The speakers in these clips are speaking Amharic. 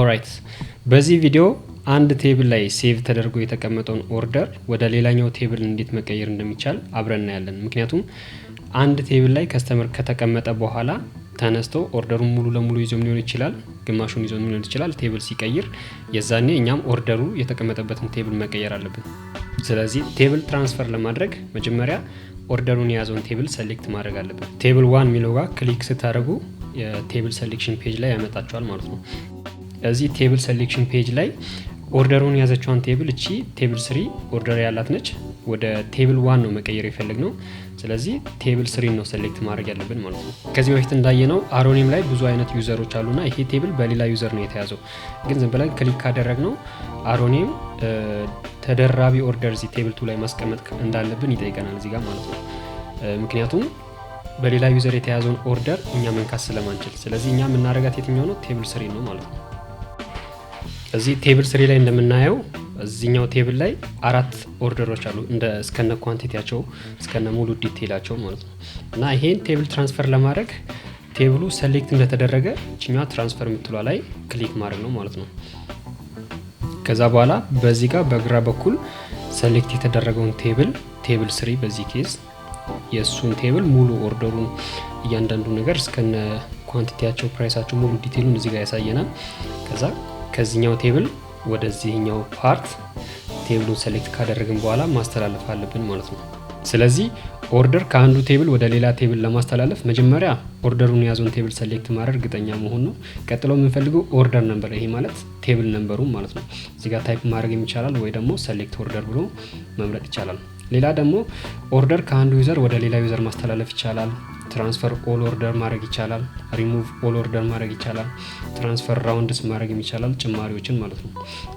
ኦራይት በዚህ ቪዲዮ አንድ ቴብል ላይ ሴቭ ተደርጎ የተቀመጠውን ኦርደር ወደ ሌላኛው ቴብል እንዴት መቀየር እንደሚቻል አብረን እናያለን። ምክንያቱም አንድ ቴብል ላይ ከስተመር ከተቀመጠ በኋላ ተነስቶ ኦርደሩን ሙሉ ለሙሉ ይዞም ሊሆን ይችላል፣ ግማሹን ይዞም ሊሆን ይችላል። ቴብል ሲቀይር የዛኔ እኛም ኦርደሩ የተቀመጠበትን ቴብል መቀየር አለብን። ስለዚህ ቴብል ትራንስፈር ለማድረግ መጀመሪያ ኦርደሩን የያዘውን ቴብል ሴሌክት ማድረግ አለብን። ቴብል ዋን የሚለው ጋር ክሊክ ስታደርጉ የቴብል ሴሌክሽን ፔጅ ላይ ያመጣቸዋል ማለት ነው። እዚህ ቴብል ሴሌክሽን ፔጅ ላይ ኦርደሩን የያዘችዋን ቴብል እቺ ቴብል ስሪ ኦርደር ያላት ነች። ወደ ቴብል ዋን ነው መቀየር የፈለግ ነው። ስለዚህ ቴብል ስሪ ነው ሴሌክት ማድረግ ያለብን ማለት ነው። ከዚህ በፊት እንዳየነው አሮኒም ላይ ብዙ አይነት ዩዘሮች አሉና ይሄ ቴብል በሌላ ዩዘር ነው የተያዘው። ግን ዝም ብለን ክሊክ ካደረግ ነው አሮኒም ተደራቢ ኦርደር ዚ ቴብል ቱ ላይ ማስቀመጥ እንዳለብን ይጠይቀናል እዚህ ጋር ማለት ነው። ምክንያቱም በሌላ ዩዘር የተያዘውን ኦርደር እኛ መንካት ስለማንችል፣ ስለዚህ እኛ የምናደርጋት የትኛው ነው ቴብል ስሪ ነው ማለት ነው። እዚህ ቴብል ስሪ ላይ እንደምናየው እዚኛው ቴብል ላይ አራት ኦርደሮች አሉ እንደ እስከነ ኳንቲቲያቸው እስከነ ሙሉ ዲቴይላቸው ማለት ነው። እና ይሄን ቴብል ትራንስፈር ለማድረግ ቴብሉ ሰሌክት እንደተደረገ እችኛዋ ትራንስፈር የምትሏ ላይ ክሊክ ማድረግ ነው ማለት ነው። ከዛ በኋላ በዚህ ጋር በግራ በኩል ሰሌክት የተደረገውን ቴብል ቴብል ስሪ በዚህ ኬዝ የእሱን ቴብል ሙሉ ኦርደሩን እያንዳንዱ ነገር እስከነ ኳንቲቲያቸው ፕራይሳቸው ሙሉ ዲቴይሉን እዚህ ጋር ያሳየናል። ከዛ ከዚህኛው ቴብል ወደዚህኛው ፓርት ቴብሉን ሴሌክት ካደረግን በኋላ ማስተላለፍ አለብን ማለት ነው። ስለዚህ ኦርደር ከአንዱ ቴብል ወደ ሌላ ቴብል ለማስተላለፍ መጀመሪያ ኦርደሩን የያዘውን ቴብል ሰሌክት ማድረግ እርግጠኛ መሆን ነው። ቀጥሎ የምንፈልገው ኦርደር ነንበር፣ ይሄ ማለት ቴብል ነንበሩ ማለት ነው። እዚጋ ታይፕ ማድረግ ይቻላል ወይ ደግሞ ሰሌክት ኦርደር ብሎ መምረጥ ይቻላል። ሌላ ደግሞ ኦርደር ከአንዱ ዩዘር ወደ ሌላ ዩዘር ማስተላለፍ ይቻላል። ትራንስፈር ኦል ኦርደር ማድረግ ይቻላል። ሪሙቭ ኦል ኦርደር ማድረግ ይቻላል። ትራንስፈር ራውንድስ ማድረግ ይቻላል፣ ጭማሪዎችን ማለት ነው።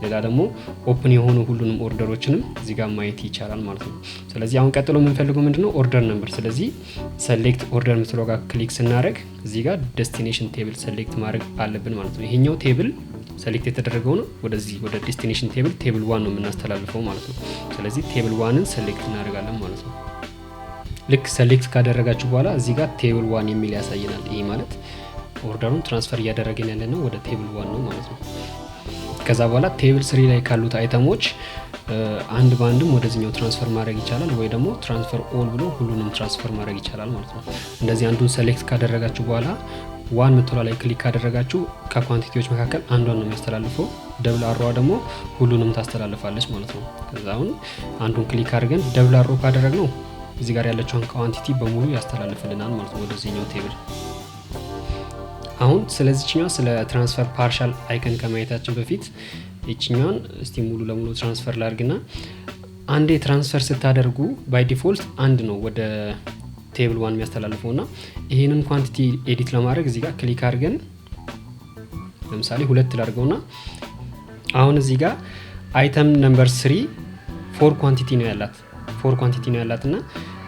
ሌላ ደግሞ ኦፕን የሆኑ ሁሉንም ኦርደሮችንም እዚህ ጋር ማየት ይቻላል ማለት ነው። ስለዚህ አሁን ቀጥሎ የምንፈልገው ምንድነው ኦርደር ነምበር። ስለዚህ ሰሌክት ኦርደር የምትለው ጋር ክሊክ ስናደረግ እዚህ ጋር ዴስቲኔሽን ቴብል ሰሌክት ማድረግ አለብን ማለት ነው። ይሄኛው ቴብል ሰሌክት የተደረገው ነው። ወደዚህ ወደ ዴስቲኔሽን ቴብል ቴብል ዋን ነው የምናስተላልፈው ማለት ነው። ስለዚህ ቴብል ዋንን ሰሌክት እናደርጋለን ማለት ነው። ልክ ሰሌክት ካደረጋችሁ በኋላ እዚህ ጋር ቴብል ዋን የሚል ያሳየናል። ይህ ማለት ኦርደሩን ትራንስፈር እያደረገን ያለ ነው ወደ ቴብል ዋን ነው ማለት ነው። ከዛ በኋላ ቴብል ስሪ ላይ ካሉት አይተሞች አንድ በአንድም ወደዚህኛው ትራንስፈር ማድረግ ይቻላል፣ ወይ ደግሞ ትራንስፈር ኦል ብሎ ሁሉንም ትራንስፈር ማድረግ ይቻላል ማለት ነው። እንደዚህ አንዱን ሰሌክት ካደረጋችሁ በኋላ ዋን ምትሏ ላይ ክሊክ ካደረጋችሁ ከኳንቲቲዎች መካከል አንዷን ነው የሚያስተላልፈው። ደብል አሯ ደግሞ ሁሉንም ታስተላልፋለች ማለት ነው። ከዛ አሁን አንዱን ክሊክ አድርገን ደብል አሮ ካደረግ ነው እዚህ ጋር ያለችውን ኳንቲቲ በሙሉ ያስተላልፍልናል ማለት ነው ወደዚህኛው ቴብል። አሁን ስለዚችኛው ስለ ትራንስፈር ፓርሻል አይከን ከማየታችን በፊት ይችኛዋን እስቲ ሙሉ ለሙሉ ትራንስፈር ላርግና አንዴ ትራንስፈር ስታደርጉ ባይ ዲፎልት አንድ ነው ወደ ቴብል ዋን የሚያስተላልፈው እና ይህንን ኳንቲቲ ኤዲት ለማድረግ እዚህ ጋር ክሊክ አድርገን ለምሳሌ ሁለት ላድርገውና አሁን እዚህ ጋር አይተም ነምበር ስሪ ፎር ኳንቲቲ ነው ያላት ፎር ኳንቲቲ ነው ያላት እና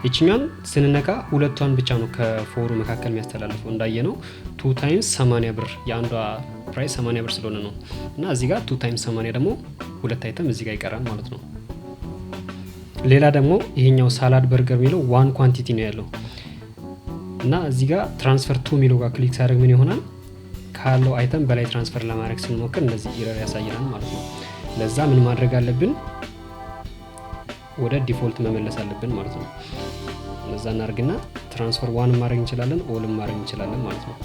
ይችኛን ስንነካ ሁለቷን ብቻ ነው ከፎሩ መካከል የሚያስተላልፈው እንዳየ ነው። ቱ ታይምስ 80 ብር የአንዷ ፕራይስ 80 ብር ስለሆነ ነው እና እዚህ ጋር ቱ ታይምስ 80 ደግሞ ሁለት አይተም እዚህ ጋር ይቀራል ማለት ነው። ሌላ ደግሞ ይሄኛው ሳላድ በርገር የሚለው ዋን ኳንቲቲ ነው ያለው እና እዚህ ጋር ትራንስፈር ቱ የሚለው ጋር ክሊክ ሲያደርግ ምን ይሆናል? ካለው አይተም በላይ ትራንስፈር ለማድረግ ስንሞክር እንደዚህ ኢረር ያሳይናል ማለት ነው። ለዛ ምን ማድረግ አለብን? ወደ ዲፎልት መመለስ አለብን ማለት ነው። እነዛ እናርግና ትራንስፈር ዋን ማድረግ እንችላለን፣ ኦልም ማድረግ እንችላለን ማለት ነው።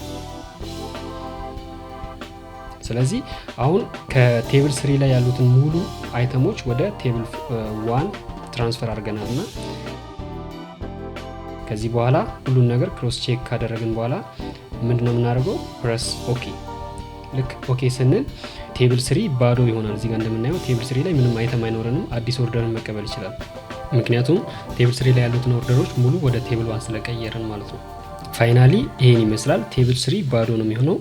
ስለዚህ አሁን ከቴብል ስሪ ላይ ያሉትን ሙሉ አይተሞች ወደ ቴብል ዋን ትራንስፈር አድርገናል እና ከዚህ በኋላ ሁሉን ነገር ክሮስ ቼክ ካደረግን በኋላ ምንድነው የምናደርገው? ፕረስ ኦኬ ልክ ኦኬ ስንል ቴብል ስሪ ባዶ ይሆናል። እዚጋ እንደምናየው ቴብል ስሪ ላይ ምንም አይተም አይኖረንም። አዲስ ኦርደርን መቀበል ይችላል። ምክንያቱም ቴብል ስሪ ላይ ያሉትን ኦርደሮች ሙሉ ወደ ቴብል ዋን ስለቀየርን ማለት ነው። ፋይናሊ ይሄን ይመስላል። ቴብል ስሪ ባዶ ነው የሚሆነው።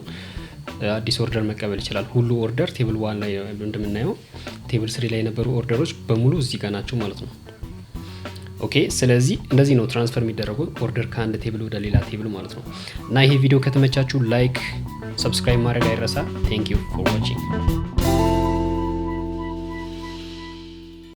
አዲስ ኦርደር መቀበል ይችላል። ሁሉ ኦርደር ቴብል ዋን ላይ እንደምናየው ቴብል ስሪ ላይ የነበሩ ኦርደሮች በሙሉ እዚህ ናቸው ማለት ነው። ኦኬ ስለዚህ እንደዚህ ነው ትራንስፈር የሚደረገው ኦርደር ከአንድ ቴብል ወደ ሌላ ቴብል ማለት ነው። እና ይሄ ቪዲዮ ከተመቻችሁ ላይክ፣ ሰብስክራይብ ማድረግ አይረሳ። ቴንክ ዩ ፎር ዋቺንግ